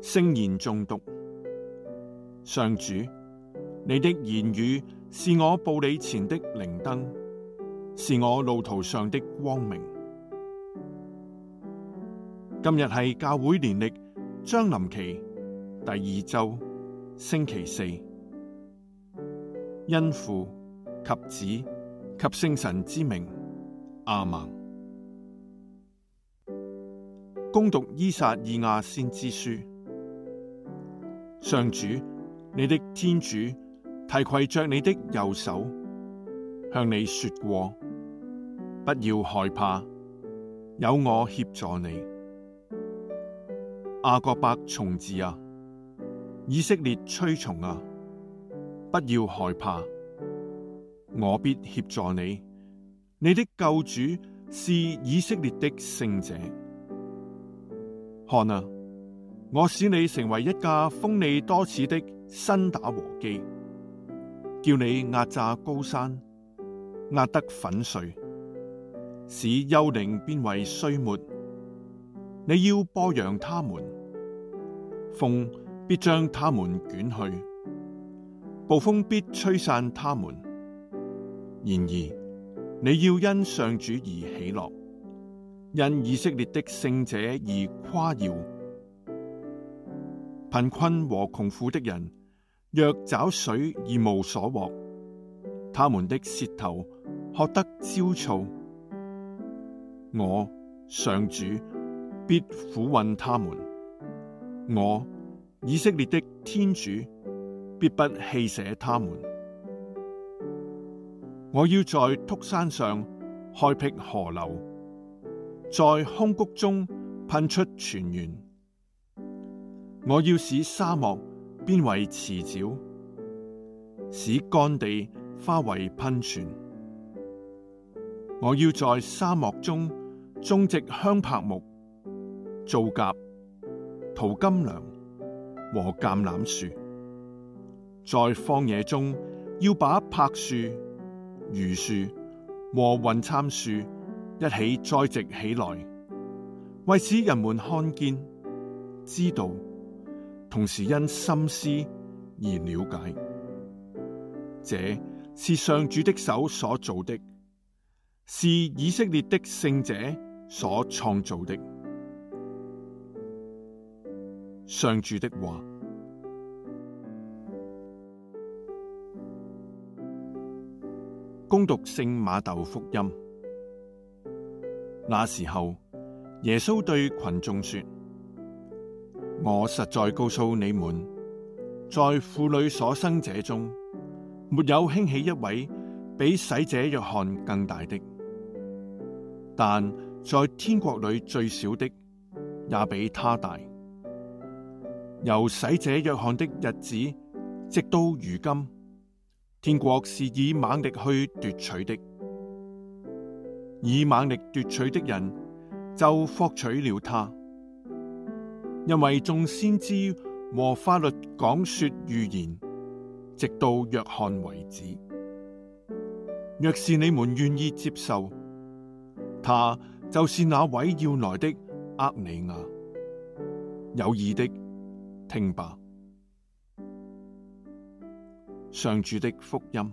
聖言誦讀。上主，你的言語是我步履前的靈燈，是我路途上的光明。今日係教會年曆將臨期第二周，星期四，因父及子及聖神之名，阿們，恭讀《依撒意亞先知書》。上主，你的天主提攜着你的右手，向你說過：不要害怕，有我協助你。雅各伯蟲豸啊，以色列蛆蟲啊，不要害怕，我必協助你。你的救主是以色列的聖者。看啊！我使你成為一架鋒利多齒的新打禾機，叫你壓榨高山，壓得粉碎，使丘陵變為碎末。你要簸揚他們，風必將他們捲去，暴風必吹散他們。然而你要因上主而喜樂，因以色列的聖者而誇耀。貧困和窮苦的人，若找水而無所獲，他們的舌頭渴得焦燥。我上主必俯允他們，我以色列的天主必不棄捨他們。我要在禿山上開闢河流，在空谷中噴出泉源。我要使沙漠變為池沼，使乾地化為噴泉。我要在沙漠中種植香柏木、皂夾、桃金娘和橄欖樹。在荒野中要把柏樹、榆樹和雲杉樹一起栽植起來，為使人們看見知道。同時因深思而了解，這是上主的手所做的，是以色列的聖者所創造的。上主的話，恭讀聖馬竇福音。那時候，耶穌對群眾說。我實在告訴你們，在婦女所生者中，沒有興起一位比洗者若翰更大的；但在天國裏最小的也比他大。由洗者若翰的日子，直到如今，天國是以猛力去奪取的；以猛力奪取的人，就攫取了他。因為眾先知和法律講說預言，直到若翰為止。若是你們願意接受，他就是那位要來的厄里亞。有耳的，聽吧，上主的福音。